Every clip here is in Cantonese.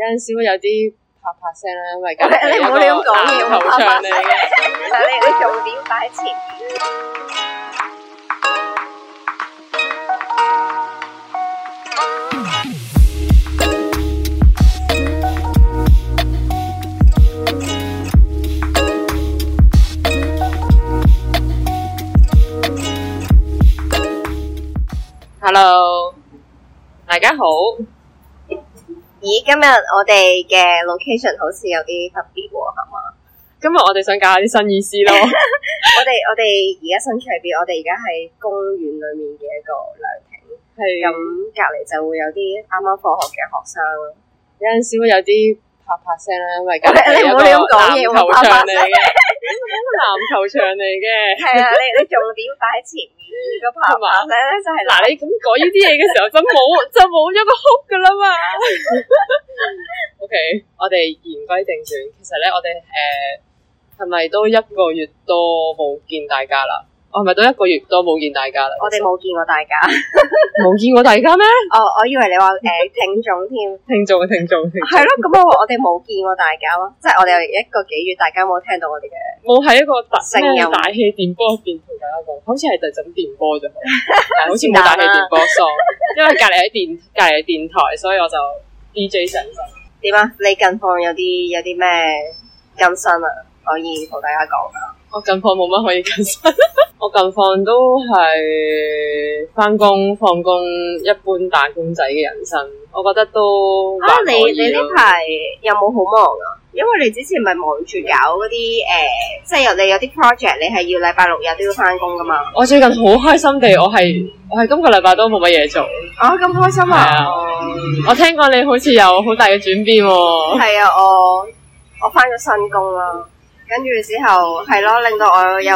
有陣時會有啲啪啪聲啦，因為家下有啲頭像。你你做點擺設？Hello，大家好。咦，今日我哋嘅 location 好似有啲特別喎，係嘛？今日我哋想搞下啲新意思咯。我哋我哋而家身處邊，我哋而家喺公園裏面嘅一個涼亭，咁隔籬就會有啲啱啱放學嘅學生，有陣時會有啲。啪啪聲啦，因為咁你唔好你咁講嘢，球場嚟嘅，咁個籃球場嚟嘅，係啊，你你重點擺喺前面個啪啪聲咧，吧就係嗱， 你咁講呢啲嘢嘅時候，就冇就冇一個哭噶啦嘛。 OK，我哋言歸正傳，其實咧，我哋誒係咪都一個月多冇見大家啦？係咪都一個月都冇見大家啦？我哋冇見過大家，冇 見過大家咩？哦， 我以為你話誒聽眾添，聽眾聽眾，係咯。咁我哋冇見過大家咯，即係我哋一個幾月大家冇聽到我哋嘅。冇係一個特性又咩？大氣電波變同大家講，好似係特整電波啫， 好似冇打氣電波送。 因為隔離喺電隔離喺電台，所以我就 DJ 上身。點啊？你近況有啲有啲咩更新啊？可以同大家講噶。我近況冇乜可以更新， 我近況都係翻工、放工，一般打工仔嘅人生，我覺得都啊。你你呢排有冇好忙啊？因為你之前咪忙住搞嗰啲誒，即係又你有啲 project，你係要禮拜六日都要翻工噶嘛？我最近好開心地，我係我係今個禮拜都冇乜嘢做啊！咁開心啊！我聽過你好似有好大嘅轉變，係啊！我啊 啊我翻咗新工啦。跟住之後，係咯，令到我有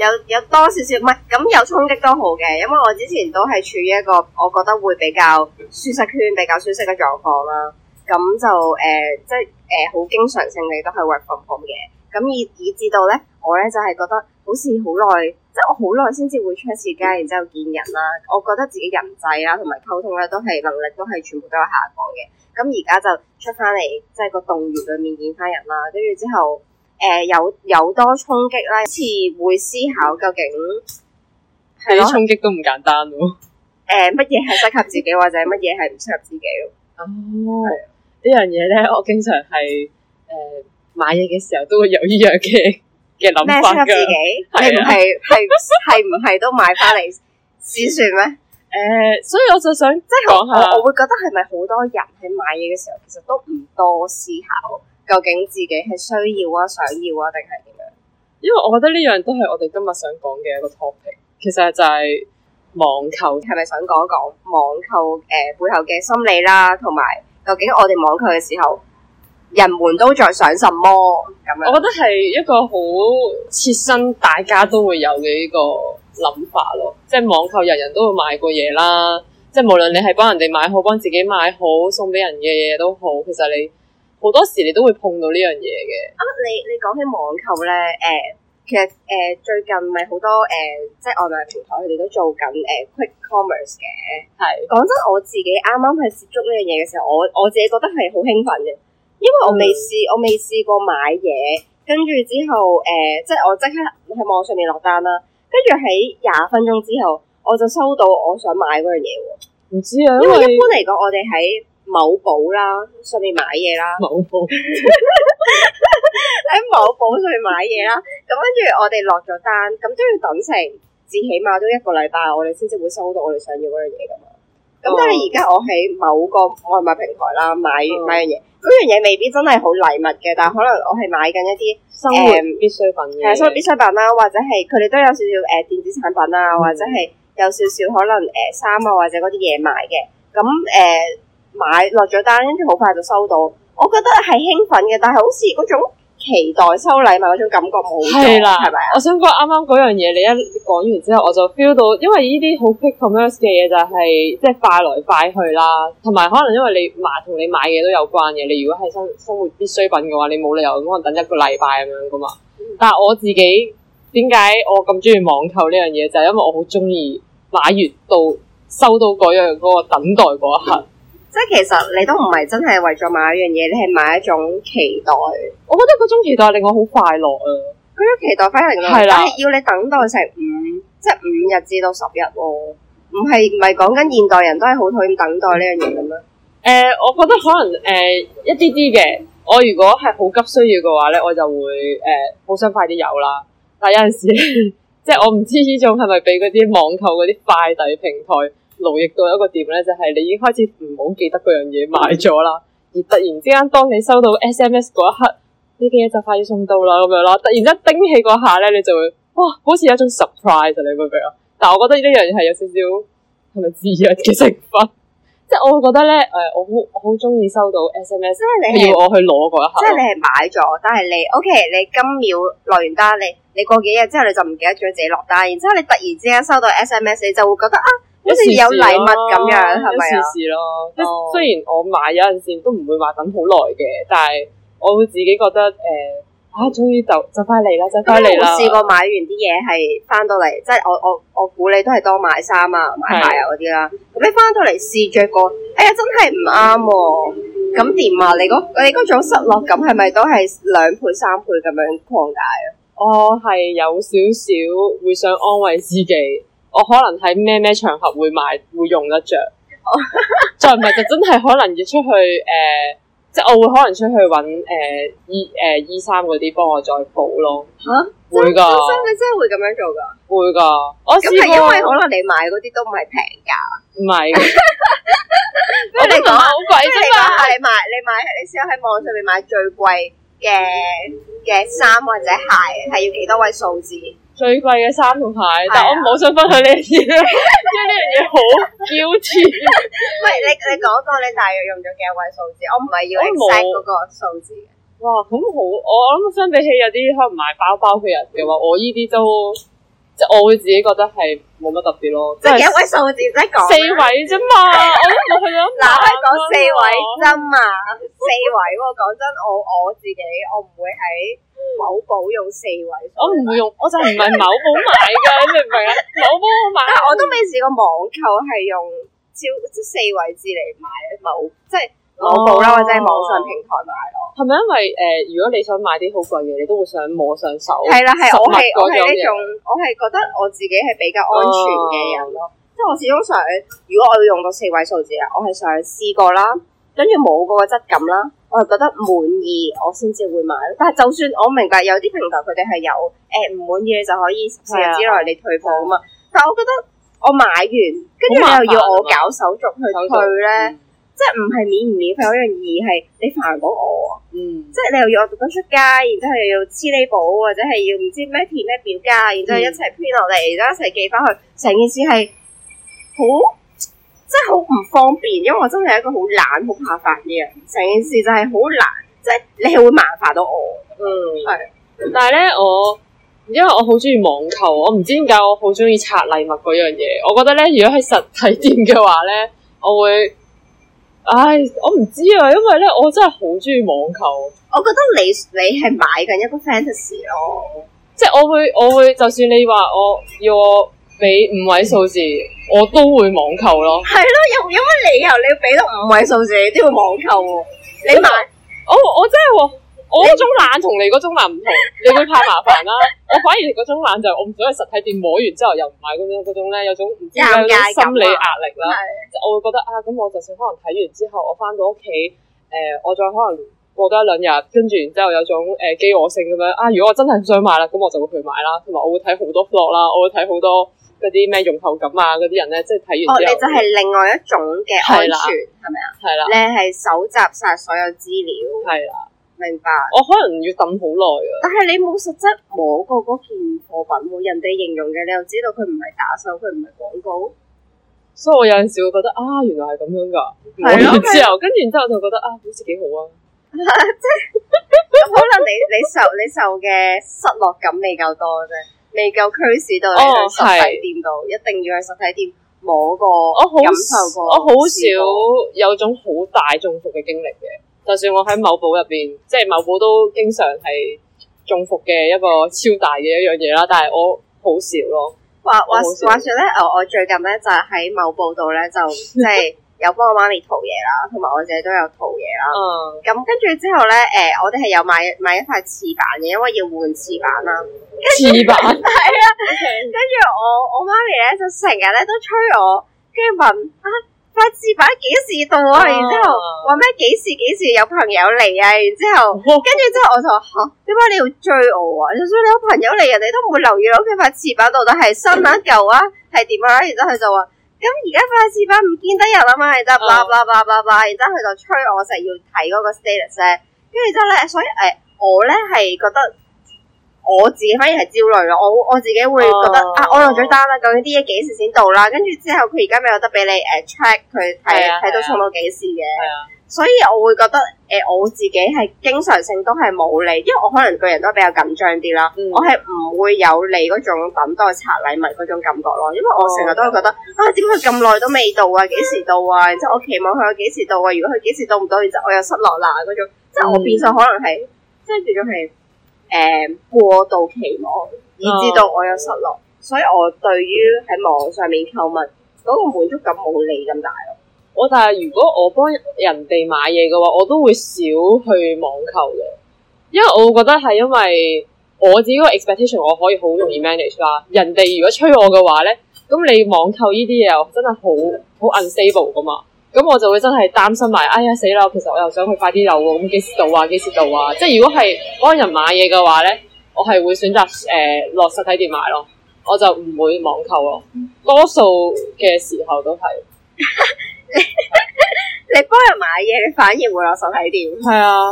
有有多少少唔係咁有衝擊都好嘅，因為我之前都係處於一個我覺得會比較舒適圈比較舒適嘅狀況啦。咁就誒、呃，即係誒好經常性你都係 work from home 嘅。咁以以至到呢，我呢就係、是、覺得好似好耐，即、就、係、是、我好耐先至會出一次街，然之後見人啦。我覺得自己人際啦，同埋溝通咧，都係能力都係全部都有下降嘅。咁而家就出翻嚟，即、就、係、是、個洞穴裏面見翻人啦。跟住之後。誒、呃，有有多衝擊咧，似會思考究竟係係，啲衝擊都唔簡單喎。誒、呃，乜嘢係適合自己，或者乜嘢係唔適合自己咯？哦，係啊，呢樣嘢咧，我經常係誒、呃、買嘢嘅時候都會有呢樣嘅嘅諗法嘅。咩適合自己？你唔係係係唔係都買翻嚟試算咩？誒、呃，所以我就想，即係我我，我會覺得係咪好多人喺買嘢嘅時候，其實都唔多思考。究竟自己係需要啊、想要啊，定係點樣？因為我覺得呢樣都係我哋今日想講嘅一個 topic。其實就係網購，係咪想講講網購誒背後嘅心理啦，同埋究竟我哋網購嘅時候，人們都在想什麼？咁，我覺得係一個好切身，大家都會有嘅一個諗法咯。即係網購，人人都會買過嘢啦。即係無論你係幫人哋買好，幫自己買好，送俾人嘅嘢都好，其實你。好多時你都會碰到呢樣嘢嘅。啊，你你講起網購咧，誒、欸，其實誒、欸，最近咪好多誒、欸，即係外賣平台佢哋都做緊誒、欸、Quick Commerce 嘅。係是。講真，我自己啱啱係接觸呢樣嘢嘅時候，我我自己覺得係好興奮嘅，因為我未試，嗯、我未試過買嘢，跟住之後誒、欸，即係我即刻喺網上面落單啦，跟住喺廿分鐘之後，我就收到我想買嗰樣嘢喎。唔知啊，因為，因為一般嚟講，我哋喺。某寶啦，上面買嘢啦。某寶部喺 某寶上面買嘢啦。咁跟住我哋落咗單，咁都要等成至，起碼都一個禮拜，我哋先至會收到我哋想要嗰樣嘢㗎嘛。咁、嗯、但係而家我喺某個外賣平台啦，買、嗯、買樣嘢，嗰樣嘢未必真係好禮物嘅，但係可能我係買緊一啲生活必需品，嘅、嗯。生活必需品啦，或者係佢哋都有少少誒電子產品啊，或者係有少少可能誒衫啊，或者嗰啲嘢買嘅咁誒。呃買落咗單，跟住好快就收到，我覺得係興奮嘅，但係好似嗰種期待收禮物嗰種感覺冇咗，係咪啊？我想講啱啱嗰樣嘢，你一講完之後，我就 feel 到，因為呢啲好 quick commerce 嘅嘢就係即係快來快去啦，同埋可能因為你買同你買嘢都有關嘅，你如果係生生活必需品嘅話，你冇理由可能等一個禮拜咁樣噶嘛。但係我自己點解我咁中意網購呢樣嘢，就係因為我好中意買完到收到嗰樣嗰個等待嗰一刻。即係其實你都唔係真係為咗買一樣嘢，嗯、你係買一種期待。我覺得嗰種期待令我好快樂啊！嗰種期待反而令我係啦，的要你等待成五，即係五日至到十日，啊，唔係唔係講緊現代人都係好討厭等待呢樣嘢噉樣？誒、呃，我覺得可能誒、呃、一啲啲嘅。我如果係好急需要嘅話咧，我就會誒好、呃、想快啲有啦。但有陣時， 即係我唔知呢種係咪俾嗰啲網購嗰啲快遞平台？留意到一個點咧，就係、是、你已經開始唔好記得嗰樣嘢買咗啦。而突然之間，當你收到 S M S 嗰一刻，呢件嘢就快要送到啦，咁樣啦。突然之間叮起嗰下咧，你就會哇，好似有一種 surprise，你明唔明？但係我覺得呢一樣係有少少係咪自虐嘅成分？即係我覺得咧，誒，我好我好中意收到 S M S 即係你係 要我去攞嗰一下。即係你係買咗，但係你 O、okay, K，你今秒落完單，你你過幾日之後你就唔記得咗自己落單，然之後你突然之間收到 S M S，你就會覺得啊～啊好似有禮物咁樣，一時時咯，一時時咯。即係吧、嗯、雖然我買有陣時都唔會話等好耐嘅，但係我自己覺得誒、呃，啊終於就就翻嚟啦，就翻嚟啦！我試過買完啲嘢係翻到嚟，即係、就是、我我我估你都係多買衫啊、買鞋啊嗰啲啦。咁是你翻到嚟試着過，哎呀真係唔啱喎，咁點啊？你嗰你嗰種失落感係咪都係兩倍三倍咁樣擴大啊？我係有少少會想安慰自己。我可能喺咩咩場合會買會用得着， 再唔係就真係可能要出去誒，即、呃、係、就是、我會可能出去搵誒醫誒醫生嗰啲幫我再補咯。吓、啊，我會噶，真係真係會咁樣做噶，會噶。我咁係因為可能你買嗰啲都唔係平價，唔係。我哋講好貴啫嘛，係買你,說你,你買你試下喺網上面買最貴嘅嘅衫或者鞋係要幾多位數字？最貴嘅衫同鞋，但我冇想分享呢啲，是啊、 因為呢樣嘢好嬌恥。喂，你你講一講你大約用咗幾多位數字？我唔係要細嗰個數字。哇，咁好，我諗相比起有啲可能買包包嘅人嘅話，我依啲都。即我會自己覺得係冇乜特別咯，即幾位數字即講四位啫嘛， 哎、我都冇去到。嗱，講四位啫嘛， 四位喎。講真，我真我，我自己我唔會喺某寶用四位數。我唔會用，我就唔係某寶買嘅， 你明唔明啊？某寶，寶買， 但係我都未試過網購係用超即、即係、四位字嚟買某，即、即係。攞到啦，或者係網上平台買咯。係咪因為誒、呃，如果你想買啲好貴嘅，你都會想摸上手。係啦、啊、係，我係我係呢種，我係覺得我自己係比較安全嘅人咯。即係、哦嗯、我始終想，如果我要用到四位數字啊，我係想試過啦，跟住冇嗰個質感啦，我係覺得滿意，我先至會買。但係就算我明白有啲平台佢哋係有誒唔滿意你就可以十四日之內你退貨啊嘛。嗯、但係我覺得我買完，跟住你又要我搞手續去退咧。嗯即係唔係免唔免費嗰樣，而係你煩到我啊！嗯、即係你又要我讀得出街，然之後又要黐你簿，或者係要唔知咩片咩表格，然之後一齊編落嚟，嗯、然之後一齊寄翻去，成件事係好，即係好唔方便。因為我真係一個好懶、好怕煩嘅人，成件事就係好難，即係你係會麻煩到我。嗯，係是但係咧，我因為我好中意網購，我唔知點解我好中意拆禮物嗰樣嘢。我覺得咧，如果喺實體店嘅話咧，我會。唉，我唔知啊，因為咧，我真係好中意網購。我覺得你你係買緊一個 fantasy 咯、哦，即係我會我會，就算你話我要我俾五位數字，我都會網購咯。係咯，有有乜理由你要俾到五位數字，你都要網購喎、哦？你買？我我，我真係喎、哦。我嗰種懶同你嗰種懶唔同，你會怕麻煩啦。 我反而嗰種懶就我唔想喺實體店摸完之後又唔買嗰種嗰種咧，有種唔知點解心理壓力啦。 就我會覺得啊，咁我就算可能睇完之後，我翻到屋企，誒、呃，我再可能過多一兩日，跟住然之後有種誒、呃、飢餓性咁樣啊。如果我真係唔想買啦，咁我就會去買啦。同埋我會睇好多 vlog 啦，我會睇好多嗰啲咩用後感啊嗰啲人咧，即係睇完之後。之哦，你就係另外一種嘅安全係咪啊？係啦，係啦，你係搜集晒所有資料係啦。明白，我可能要等好耐啊！但係你冇實質摸過嗰件貨品，冇人哋形容嘅，你又知道佢唔係打手，佢唔係廣告，所以我有陣時會覺得啊，原來係咁樣噶，自由、啊。跟住、啊、然之後就覺得啊，好似幾好啊！即係 可能你你受 你受嘅失落感未夠多啫，未夠驅使到你去實體店度，哦、一定要去實體店摸個，我好感受過，我好少有種好大中服嘅經歷嘅。就算我喺某寶入邊，即係某寶都經常係中伏嘅一個超大嘅一樣嘢啦，但係我好少咯。話話說話咧，我最近咧就喺、是、某寶度咧就即係有幫我媽咪淘嘢啦，同埋 我自己都有淘嘢啦。咁、嗯、跟住之後咧，誒、呃、我哋係有買買一塊廁板嘅，因為要換廁板啦。廁板係 啊，Okay. 跟住我我，我媽咪咧就成日咧都催我，跟住問啊。塊廁板幾時到啊？然之後話咩？幾時幾時有朋友嚟啊？然之後跟住之後我就話吓，點解你要追我啊？就算你個朋友嚟，人哋都唔會留意發到佢塊廁板到底係新一舊啊，係點啊，啊？然之後佢就話：咁而家塊廁板唔見得人啊嘛，就然之後佢就催我成日要睇嗰個 status，跟住之後咧，所以誒、哎，我咧係覺得。我自己反而係焦慮咯，我我自己會覺得、oh. 啊，我落咗單啦，究竟啲嘢幾時先到啦？跟住之後佢而家咪有得俾你誒 check 佢睇睇到送到幾時嘅？啊啊、所以我會覺得誒、呃、我自己係經常性都係冇理，因為我可能個人都比較緊張啲啦，mm. 我係唔會有你嗰種等待拆禮物嗰種感覺咯，因為我成日都會覺得啊，點解佢咁耐都未到啊？幾時到啊？然之後我期望佢幾時到啊？如果佢幾時到唔到，然之後我又失落啦嗰種，即係我變相可能係即係叫做係。誒，過度期望，以至到我有失落，啊、所以我對於喺網上面購物嗰、嗰個滿足感冇你咁大。我但係如果我幫人哋買嘢嘅話，我都會少去網購嘅，因為我覺得係因為我自己個 expectation 我可以好容易 manage 啦、嗯。人哋如果催我嘅話呢，咁你網購呢啲嘢真係好好、嗯、unstable 噶嘛。咁我就會真係擔心埋，哎呀死啦！其實我又想去快啲樓喎，咁幾時到啊？幾時到啊？即係如果係幫人買嘢嘅話呢，我係會選擇誒、呃、落實體店買咯，我就唔會網購咯，多數嘅時候都係。 你幫人買嘢，你反而會有實體店。係啊，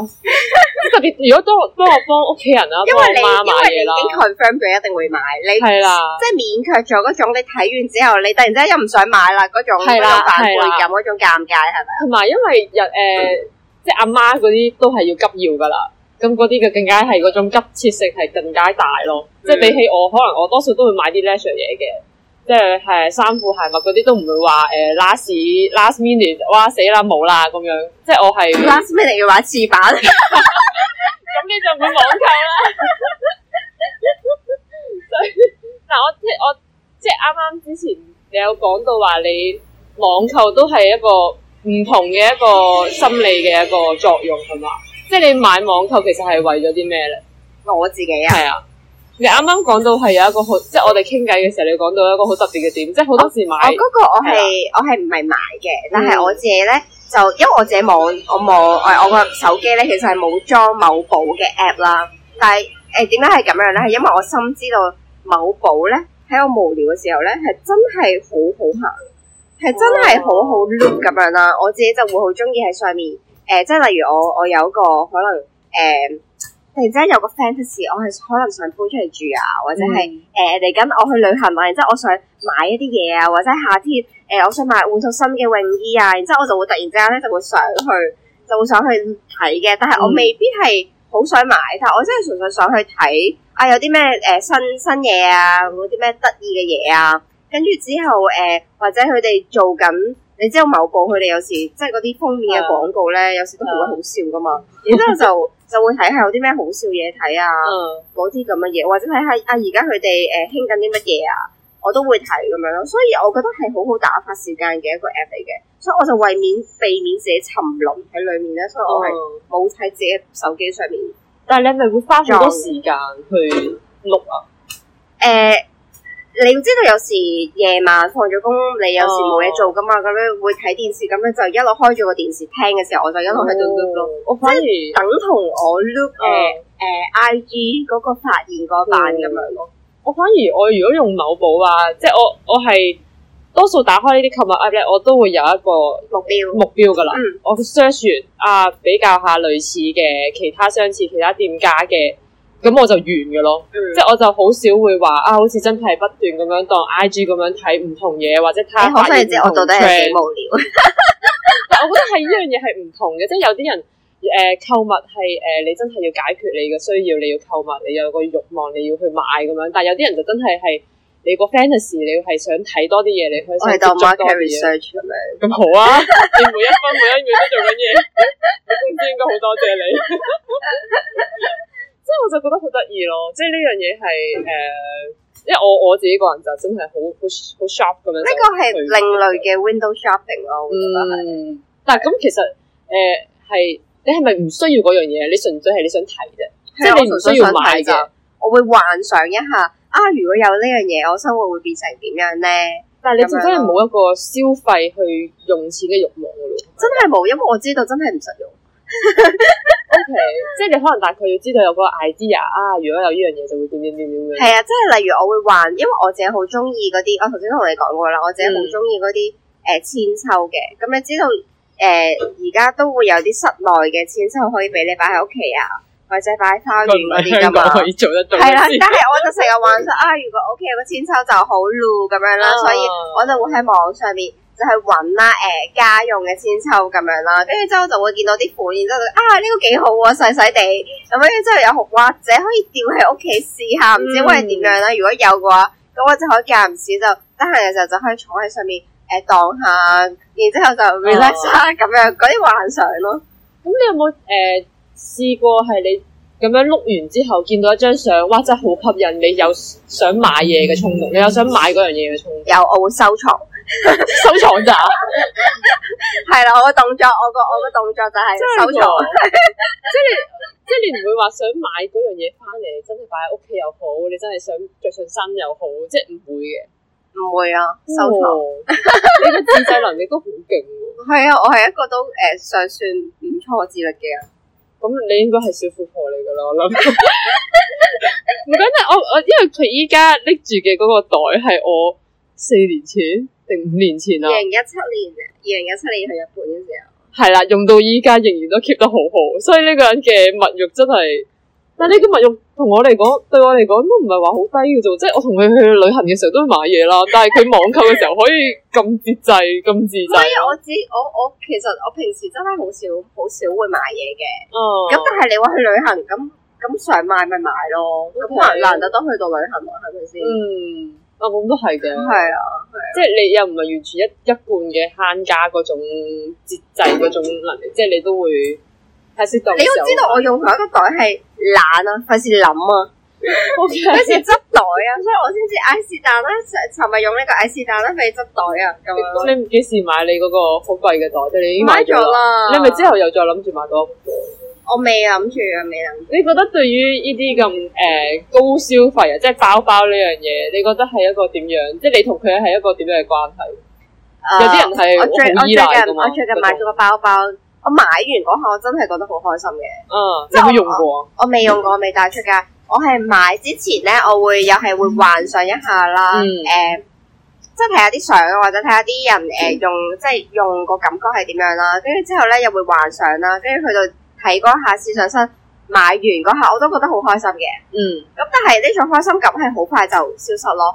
特別如果當我我幫屋企人啦，幫我媽買嘢啦。因為你已經佢 confirm 咗，一定會買。你係啦，即係勉強咗嗰種，你睇完之後，你突然之間又唔想買啦嗰種嗰種反胃感，嗰種尷尬係咪？同埋因為日誒，即係阿媽嗰啲都係要急要㗎喇，咁嗰啲嘅更加係嗰種急切性係更加大咯。即係比起我，可能我多數都會買啲 less 嘢嘅。即係係衫褲鞋襪嗰啲都唔會話誒 last last minute，哇死啦冇啦咁樣。即係我係 last minute 要買廁板，咁 你就唔會網購啦？嗱， 我即係我即係啱啱之前你有講到話你網購都係一個唔同嘅一個心理嘅一個作用係嘛？即係你買網購其實係為咗啲咩咧？我自己啊，係啊。你啱啱講到係有一個好，即係我哋傾偈嘅時候，你講到一個好特別嘅點，即係好多時買，我嗰個我係嗎我係唔係買嘅，但係我自己咧就因為我自己冇我冇誒、oh. 哎、我個手機咧，其實係冇裝某寶嘅 app 啦。但係誒點解係咁樣咧？係因為我深知道某寶咧喺我無聊嘅時候咧係真係好好行，係真係好好 look 咁樣啦。Oh. 我自己就會好中意喺上面誒、呃，即係例如我我有一個可能誒。呃突然之間有個 fantasy 我係可能想搬出嚟住啊，或者係誒嚟緊我去旅行啊。然之後我想買一啲嘢啊，或者夏天誒、呃、我想買換套新嘅泳衣啊。然之後我就會突然之間咧就會上去，就會想去睇嘅。但係我未必係好想買，但係我真係純粹想去睇啊。有啲咩誒新新嘢啊，有啲咩得意嘅嘢啊，跟住之後誒、呃、或者佢哋做緊。你知道某部佢哋有時即係嗰啲封面嘅廣告咧，嗯、有時都好鬼好笑噶嘛。嗯、然之後就就會睇下有啲咩好笑嘢睇啊，嗰啲咁嘅嘢，或者睇下啊而家佢哋誒興緊啲乜嘢啊，我都會睇咁樣咯。所以我覺得係好好打發時間嘅一個 app 嚟嘅。所以我就為免避免自己沉淪喺裡面咧，所以我係冇喺自己手機上面。嗯、但係你係咪會花好多時間去錄啊？誒、嗯。呃你要知道，有時夜晚放咗工，你有時冇嘢做噶嘛，咁、哦、樣會睇電視，咁樣就一路開住個電視聽嘅時候，我就一路喺度 look 咯。哦、即係等同我 look 誒誒 IG 嗰個發現嗰版咁樣咯、嗯樣嗯。我反而我如果用某寶啊，即係我我係多數打開呢啲購物 app 咧，我都會有一個目標目標噶啦。嗯、我 search 啊，比較下類似嘅其他相似其他店家嘅。咁我就完嘅咯，嗯、即係我就好少會話啊，好似真係不斷咁樣當 IG 咁樣睇唔同嘢，或者睇唔同嘅。我到底幾無聊？但係我覺得係呢 樣嘢係唔同嘅，即係有啲人誒購、呃、物係誒、呃，你真係要解決你嘅需要，你要購物，你有個欲望，你要去買咁樣。但係有啲人就真係係你個 fantasy 你要係想睇多啲嘢，你去。我係當媽睇 research 咁好啊！ 你每一分每一秒都做緊嘢， 你公司應該好多謝你。 即係我就覺得好得意咯，即係呢樣嘢係誒，嗯、因為我我自己個人就真係好好好 shop 咁樣。呢個係另類嘅 window shopping 咯、嗯，我覺得係。但係咁其實誒係是、呃，你係咪唔需要嗰樣嘢？你純粹係你想睇啫，是即係你唔需要睇嘅。我會幻想一下啊，如果有呢樣嘢，我生活會變成點樣咧？但係你真係冇一個消費去用錢嘅欲望咯。真係冇，因為我知道真係唔實用。 Okay. 即係，即係你可能大概要知道有嗰個 idea 啊，如果有呢樣嘢就會點點點點樣。係啊，即係例如我會話，因為我自己好中意嗰啲，我頭先都同你講過啦，我自己好中意嗰啲誒韆鞦嘅。咁、嗯、你知道誒而家都會有啲室內嘅韆鞦可以俾你擺喺屋企啊，或者擺喺花園嗰啲咁嘛。可以做得到、啊。係啦，但係我就成日幻想啊，如果屋企有個韆鞦就好囉咁樣啦，啊、所以我就會喺網上面。就係揾啦，誒、呃，家用嘅千秋咁樣啦，跟住之後就會見到啲款，然之後就啊，呢個幾好喎，細細地，咁樣之後有或者可以吊喺屋企試下，唔知會係點樣啦。如果有嘅話，咁我就可以間唔時就得閒嘅時候就可以坐喺上面誒盪、呃、下，然之後就 relax 啦，咁樣嗰啲、哦、幻想咯。咁你有冇誒、呃、試過係你咁樣碌完之後見到一張相，哇，真係好吸引，你有想買嘢嘅衝動，你有想買嗰樣嘢嘅衝動？有，我會收藏。 收藏咋？係啦，我個動作，我個我個動作就係收藏。 即係即係，你唔會話想買嗰樣嘢翻嚟，真係擺喺屋企又好，你真係想着上身又好，即係唔會嘅，唔會啊！收藏，哦、 你嘅自制能力都好勁。係啊， 我係一個都誒，尚、呃、算唔錯自律嘅人。咁你應該係小富婆嚟噶啦，我諗。唔緊要，我我因為佢依家拎住嘅嗰個袋係我。四年前定五年前啊？二零一七年，二零一七年去日本嘅時候？係啦，用到依家仍然都 keep 得好好，所以呢個人嘅物欲真係，但係呢個物欲同我嚟講，對我嚟講都唔係話好低嘅啫，即係我同佢去旅行嘅時候都會買嘢啦，但係佢網購嘅時候可以咁節制咁自制。所以我知，我我，我其實我平時真係好少好少會買嘢嘅，咁、啊、但係你話去旅行，咁咁想買咪買咯，咁難難得都去到旅行，係咪先？嗯。.啊，我都係嘅，係啊，啊即係你又唔係完全一一貫嘅慳家嗰種節制嗰種能力， 即係你都會冰冰。係是你要知道我用同一個袋係懶啊，費事諗啊，費事執袋啊，所以我先知、啊。I 是但啦，尋日用呢個 I 是但啦，費事執袋啊，咁你幾時買你嗰個好貴嘅袋，即你已經買咗啦。你咪之後又再諗住買多。我未諗住啊，未諗、呃。你覺得對於呢啲咁誒高消費啊，即係包包呢樣嘢，你覺得係一個點樣？即係你同佢係一個點樣嘅關係？有啲、呃、人係我最近，我，我，我買咗個包包，嗯、我買完嗰下我真係覺得好開心嘅。嗯，即係我，有用，過我，我用過。我未用過，未帶出噶。我係買之前咧，我會又係會幻想一下啦。誒、嗯呃，即係睇下啲相或者睇下啲人誒用、嗯、用，即係用個感覺係點樣啦。跟住之後咧又會幻想啦，跟住去到。喺嗰下試上身買完嗰下，我都覺得好開心嘅。嗯，咁但係呢種開心感係好快就消失咯。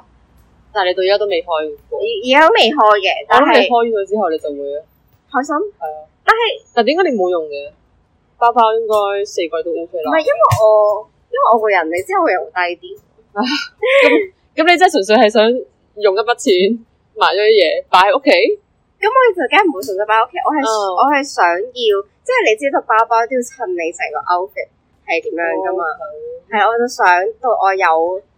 但係你到而家都未開過？而而家都未開嘅。但我諗未開咗之後，你就會開心。係啊的，但係是，但點解你冇用嘅包包？應該四季都 OK 啦。唔係，因為我因為我個人，你知我人會用低啲。咁咁、 啊，你真係純粹係想用一筆錢買咗啲嘢擺喺屋企？咁我就梗係唔會純粹擺喺屋企，我係、嗯、我係想要。即係你知道包包都要襯你成個 outfit 係點樣噶嘛？係、oh, okay. 我就想到我有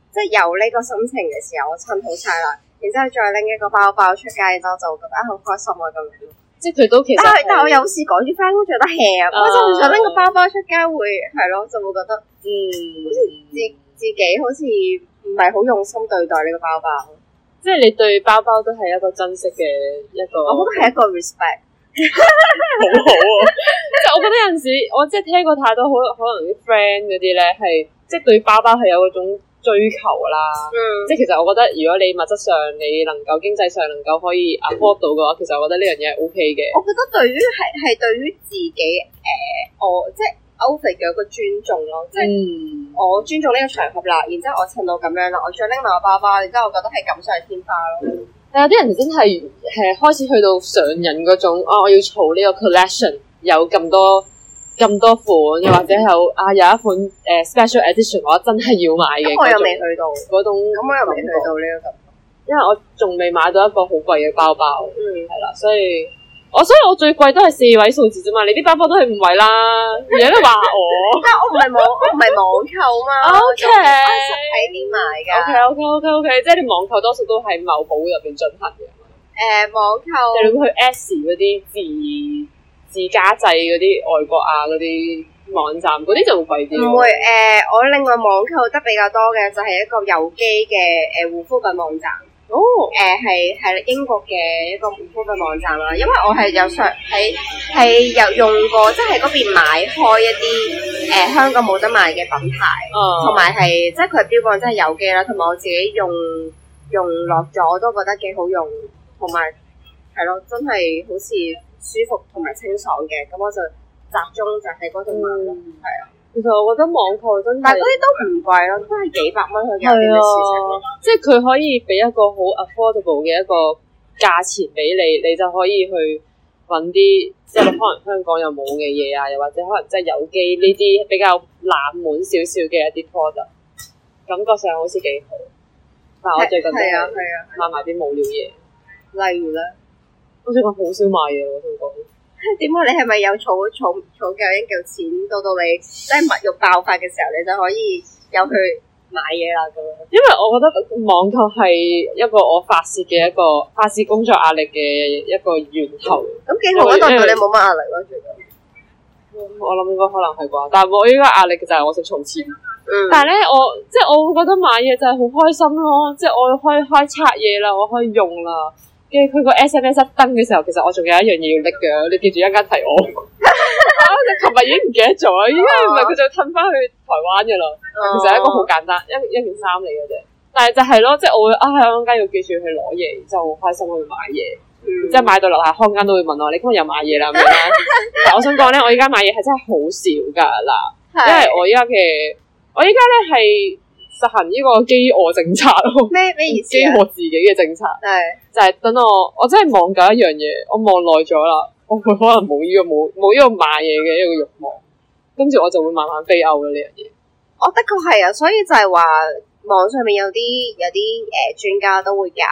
即係、就是、有呢個心情嘅時候，我襯好晒啦，然之後再拎一個包包出街，之後就會覺得好開心啊咁樣。即係佢都其實但，但係我有事趕住翻工着得 hea 我真唔想拎個包包出街會係咯，就會覺得嗯，mm. 好似自自己好似唔係好用心對待呢個包包。即係你對包包都係一個珍惜嘅一個，我覺得係一個 respect。 好好啊！即 係我覺得有陣時，我即係聽過太多，可可能啲 friend 嗰啲咧，係即係對包包係有嗰種追求啦。嗯，即係其實我覺得，如果你物質上你能夠經濟上能夠可以 afford 到嘅話，其實我覺得呢、OK 呃、就是、樣嘢係 OK 嘅。我覺得對於係係對於自己誒，我即係 outfit 嘅一個尊重咯。即係我尊重呢個場合啦，然之後我襯到咁樣啦，我再拎埋個包包，然之後我覺得係錦上添花咯。有啲人真係誒開始去到上癮嗰種、哦，我要儲呢個 collection 有咁多咁多款，又或者有啊有一款誒、呃、special edition，我真係要買嘅。咁我又未去到嗰種，咁我又未去到呢、呢個感覺，因為我仲未買到一個好貴嘅包包，嗯，係啦，所以。我所以，我最貴都係四位數字啫嘛，你啲包包都係五位啦，而家都話我？ 但我唔係網， 我唔係網購啊嘛。O K，喺啲買㗎。O K O K O K O K，即係你網購多數都喺某寶入邊進行嘅。誒、呃、網購。你會去 s 嗰啲自自家製嗰啲外國啊嗰啲網站，嗰啲就貴會貴啲。唔會誒，我另外網購得比較多嘅就係一個有機嘅誒護膚品網站。哦，誒係係英國嘅一個護膚嘅網站啦，因為我係有上喺係有用過，即係嗰邊買開一啲誒、呃、香港冇得賣嘅品牌，同埋係即係佢係標榜真係有機啦，同埋我自己用用落咗，我都覺得幾好用，同埋係咯，真係好似舒服同埋清爽嘅，咁我就集中就喺嗰度買咯，係啊、oh。其實我覺得網購真係，但嗰啲都唔貴咯，都係、嗯、幾百蚊去搞呢啲事情，啊、即係佢可以俾一個好 affordable 嘅一個價錢俾你，你就可以去揾啲即係可能香港又冇嘅嘢啊，又或者可能即係有機呢啲比較冷門少少嘅一啲 product，感覺上好似幾好。但我最近都啊，係啊，啊啊啊買埋啲冇料嘢。例如咧，好似我好少買嘢我聽你講。點解你係咪有儲儲儲夠一嚿錢，到到你即係物欲爆發嘅時候，你就可以有去買嘢啦咁？因為我覺得網購係一個我發洩嘅一個發洩工作壓力嘅一個源頭。咁、嗯、為幾好啊、嗯！但係你冇乜壓力咯，最近、嗯。我諗應該可能係啩，但係我依家壓力嘅就係我想儲錢。但係咧，我即係我會覺得買嘢就係好開心咯，即係我可以開拆嘢啦，我可以用啦。佢個 SMS 登嘅時候，其實我仲有一樣嘢要拎嘅，你記住一間提我。我哋琴日已經唔記得咗，依家唔係佢就褪翻去台灣嘅啦。啊、其實一個好簡單一一件衫嚟嘅啫，但係就係、是、咯，即、就、係、是、我會啊，我喺康間要記住去攞嘢，之後好開心去買嘢，嗯、即係買到樓下康間都會問我：你今日又買嘢啦？ 但係我想講咧，我依家買嘢係真係好少㗎啦，因為我依家嘅我依家咧係。實行呢個飢餓政策咯，咩咩意思啊？飢餓自己嘅政策，係是就係等我，我真係望緊一樣嘢，我望耐咗啦，我會可能冇呢、這個冇冇呢個買嘢嘅一個欲望，跟住我就會慢慢飛 out 嘅呢樣嘢。我的確係啊，所以就係話網上面有啲有啲誒專家都會教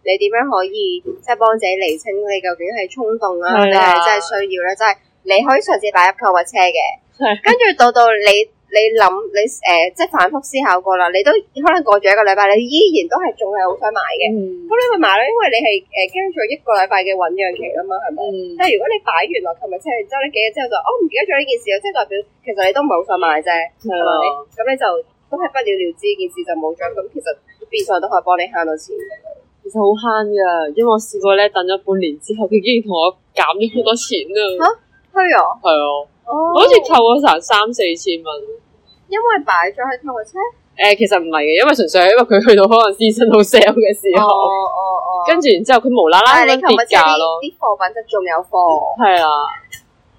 你點樣可以即係幫自己釐清你究竟係衝動啦，定係真係需要咧，即、就、係、是、你可以嘗是試擺入購物車嘅，跟住到到你。 你諗你誒，即係反覆思考過啦，你都可能過咗一個禮拜，你依然都係仲係好想買嘅。咁你去買咯，因為你係誒經過一個禮拜嘅醞釀期啊嘛，係咪？但係如果你擺完落購物車，之後呢幾日之後就哦唔記得咗呢件事啊，即係代表其實你都唔係好想買啫，係咪？咁你就都係不了了之，件事就冇咗。咁其實變相都可以幫你慳到錢。其實好慳噶，因為我試過咧，等咗半年之後，佢竟然同我減咗好多錢啊！吓，係啊，係啊，我好似扣咗成三四千蚊。因為擺咗喺購物車誒、呃，其實唔係嘅，因為純粹係因為佢去到可能先身好 sell 嘅時候，哦哦哦，跟住然之後佢無啦啦咁跌價咯。啲貨品，即係仲有貨係啦。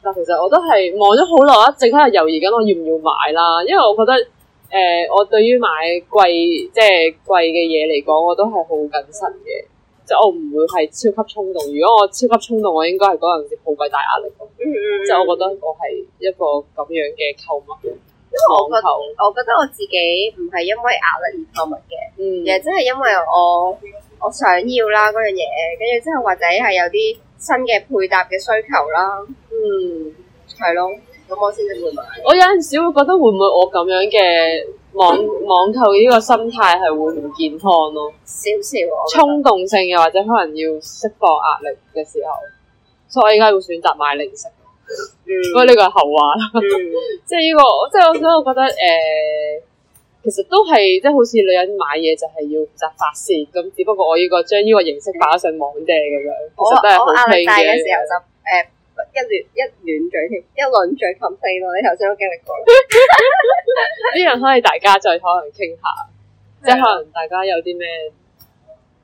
但其實我都係望咗好耐，一直喺度猶豫緊我要唔要買啦。因為我覺得誒、呃，我對於買貴即係貴嘅嘢嚟講，就是、講我都係好謹慎嘅，即、就、係、是、我唔會係超級衝動。如果我超級衝動，我應該係嗰陣時好鬼大壓力咯。即係、嗯、我覺得我係一個咁樣嘅購物。我覺我覺得我自己唔係因為壓力、嗯、而購物嘅，其實真係因為我我想要啦嗰樣嘢，跟住之後或者係有啲新嘅配搭嘅需求啦。嗯，係、嗯、咯，咁我先至會買。我有陣時會覺得會唔會我咁樣嘅網、嗯、網購呢個心態係會唔健康咯？嗯、少少，衝動性又或者可能要釋放壓力嘅時候，所以我依家會選擇買零食。不過呢個係後話啦，即係呢個，即係我想，我覺得誒，其實都係即係好似女人買嘢就係要負責發泄咁，只不過我呢個將呢個形式擺上網訂咁樣，其實都係好平嘅。時候就誒一亂一亂嘴添，一輪嘴咁飛咯。你頭先都經歷過，呢樣可以大家再可能傾下，即係可能大家有啲咩？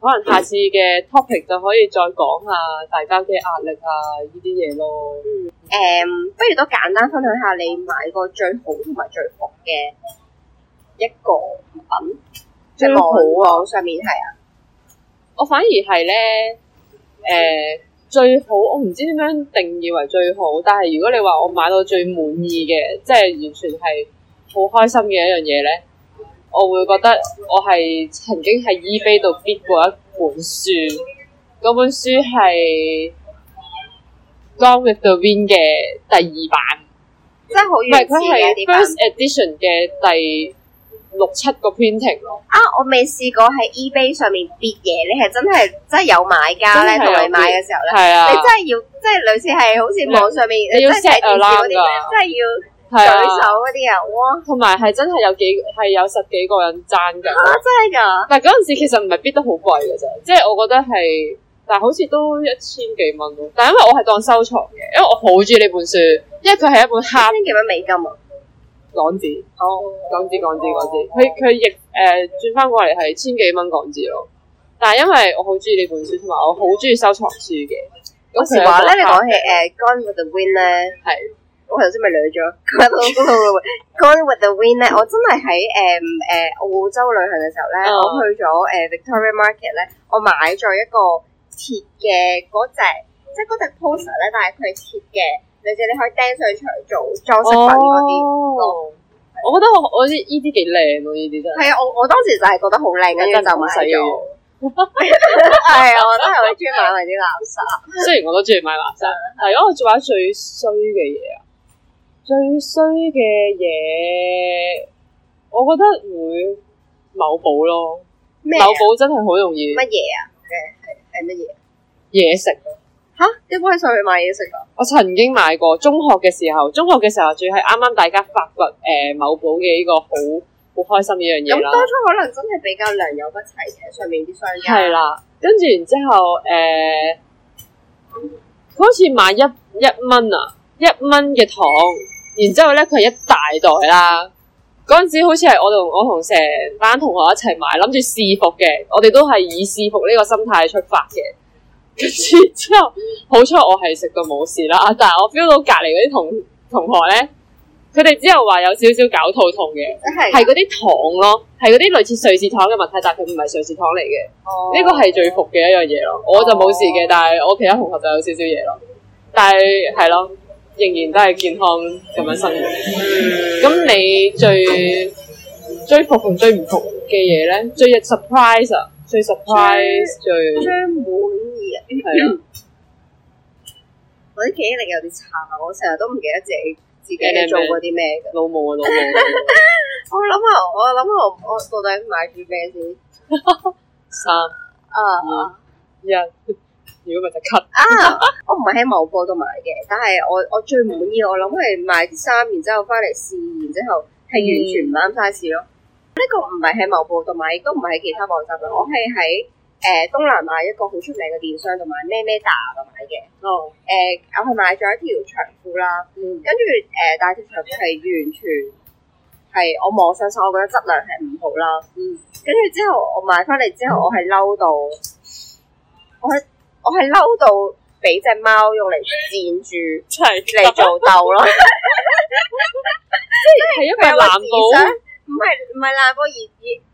可能下次嘅 topic 就可以再講下大家嘅壓力啊，呢啲嘢咯。嗯，誒，不如都簡單分享下你買過最好同埋最伏嘅一個物品。最好啊！面上面係啊，我反而係咧誒，最好，我唔知點樣定義為最好，但係如果你話我買到最滿意嘅，即係完全係好開心嘅一樣嘢咧。我會覺得我係曾經喺 eBay 度 bid 過一本書，嗰本書係 g o n e with the w i n 嘅第二版，真係好。唔係，佢係 f i r Edition 嘅第六七個 p r 咯。啊，我未試過喺 eBay 上面 bid 嘢，你係真係真係有買家咧同你買嘅時候咧有、嗯，你，你真係要即係類似係好似網上面你要 set a 真係要。舉手嗰啲人哇，同埋係真係有幾係有十幾個人爭㗎、啊，真係㗎！但係嗰陣時其實唔係 bid 得好貴嘅啫，即、就、係、是、我覺得係，但係好似都一千幾蚊咯。但因為我係當收藏嘅，因為我好中意呢本書，因為佢係一本黑。千幾蚊美金啊！港紙哦，港紙港紙、哦、港紙幣，佢佢亦誒轉翻過嚟係千幾蚊港紙咯。但係因為我好中意呢本書，同埋我好中意收藏書嘅。嗰時話咧，你講起誒《uh, Gone with the Wind》咧，係。我頭先咪掠咗，Gone with the Wind 咧。我真係喺誒誒澳洲旅行嘅時候咧，uh. 我去咗誒、uh, Victoria Market 咧，我買咗一個鐵嘅嗰隻，即係嗰隻 poster 咧，但係佢係鐵嘅，你哋你可以掟上出嚟做裝飾品嗰啲、oh。我覺得我我呢啲幾靚喎，依啲真係。係啊， 我我當時就係覺得好靚，跟住就買咗，唔使用。係 啊， 我都係好鍾意買埋啲垃圾。雖然我都鍾意買垃圾，但係 我做埋最衰嘅嘢啊！最衰嘅嘢，我覺得會某寶咯，咩某寶真係好容易乜嘢啊？嘅係係乜嘢？嘢食吓一般喺上去買嘢食啊！我曾經買過中學嘅時候，中學嘅時候最係啱啱大家發掘誒、呃、某寶嘅呢個好好開心一樣嘢啦。咁、嗯、當初可能真係比較良莠不齊嘅上面啲商家。係啦，跟住然之後誒，好、呃、似、嗯、買一一,一蚊啊一蚊嘅糖。然之後咧，佢係一大袋啦。嗰陣時好似係我同我同成班同學一齊買，諗住試服嘅。我哋都係以試服呢個心態出發嘅。跟住之後，好彩我係食到冇事啦。但係我 feel 到隔籬嗰啲同同學咧，佢哋之後話有少少搞肚痛嘅，係嗰啲糖咯，係嗰啲類似瑞士糖嘅物質，但係佢唔係瑞士糖嚟嘅。呢、oh. 個係最伏嘅一樣嘢咯。我就冇事嘅，oh. 但係我其他同學就有少少嘢咯。但係係咯。Oh. Yeah. 仍然都係健康咁樣生活。咁你最最服同最唔服嘅嘢咧？最嘅 surprise，最 surprise，最最滿意。係啊，我啲記憶力有啲差，我成日都唔記得自己自己做過啲咩嘅。老母啊，老母！我諗下，我諗下，我我到底買住咩先？三、二、一。如果咪就 cut 啊！呵呵，我唔係喺某寶度買嘅，但係我我最滿意我諗係買啲衫，然之後翻嚟試，然之後係完全唔啱 size 咯。呢個唔係喺某寶度買，亦都唔係喺其他網站嘅。我係喺誒東南買一個好出名嘅電商同埋咩咩達度買嘅咯。誒、哦呃，我係買咗一條長褲啦，跟住誒，但、呃、係條長褲係完全係我摸上手，我覺得質量係唔好啦。嗯，跟住之後我買翻嚟之後，我係嬲到我係。我我係嬲到俾隻貓用嚟墊住嚟做竇咯，即係因為爛補咧，唔係唔係爛補而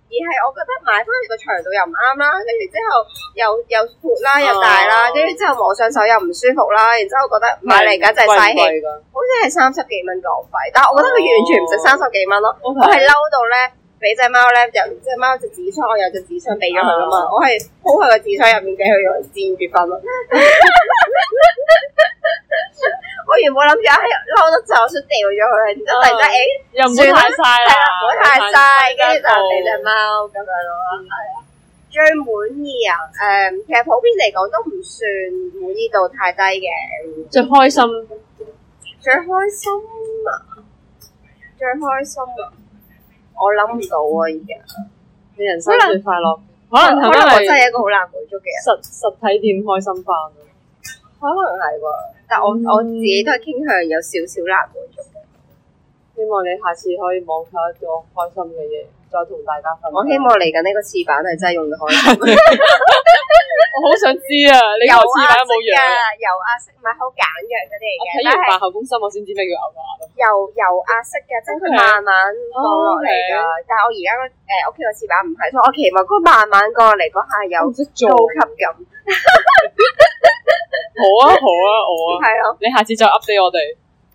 而係我覺得買翻嚟個長度又唔啱啦，跟住之後又又闊啦又大啦，跟住之後摸上手又唔舒服啦，然之後我覺得買嚟而家真係嘥氣，好似係三十幾蚊港幣，但係我覺得佢完全唔值三十幾蚊咯，我係嬲到咧。俾隻貓咧有隻貓隻紙箱我有隻紙箱俾咗佢噶嘛，啊、我係鋪喺個紙箱入面俾佢用嚟瞓覺咯。我，啊、 我原本諗住喺撈得就想掉咗佢，一突然間誒，唔算太嘥啦，唔太嘥，跟住就俾隻貓咁樣咯。係啊，最滿意啊？誒、呃，其實普遍嚟講都唔算滿意度太低嘅。最開心，最開心啊，最開心啊！我諗唔到啊！而家你人生最快樂，可能可能我真係一個好難滿足嘅人。實實體店開心翻，可能係啩、啊？但我、嗯、我自己都係傾向有少少難滿足。希望你下次可以網購一啲我開心嘅嘢，再同大家分享。我希望嚟緊呢個廁板係真係用得開心。我好想知啊！你有廁板冇用啊！油啊色米好簡約嘅嗰啲嚟嘅。我睇完《飯後宮心》是，我先知咩叫又油壓式嘅，即係 Okay. 慢慢降落嚟噶。但係我而家誒屋企個廁板唔係，所以我期望佢慢慢降嚟嗰下有高級感。好啊好啊好啊，係咯 的，你下次再 update 我哋。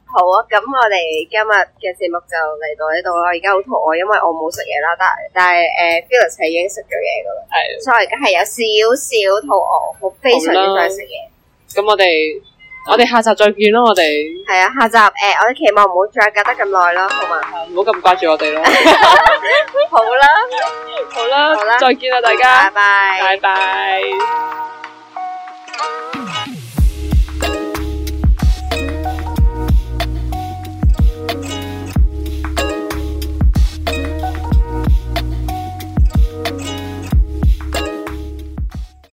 好啊，咁我哋今日嘅節目就嚟到呢度啦。而家好肚餓，因為我冇食嘢啦。但係但、呃、係誒 Phyllis 已經食咗嘢噶啦。係的，所以而家係有少少肚餓，我非常之想食嘢。咁我哋。我哋下集再見咯，我哋係啊，下集誒、呃，我哋期望唔好再隔得咁耐咯，好嘛？唔 好咁掛住我哋咯， 好啦吧，好啦吧，再見啦，大家，拜拜，拜拜，拜拜。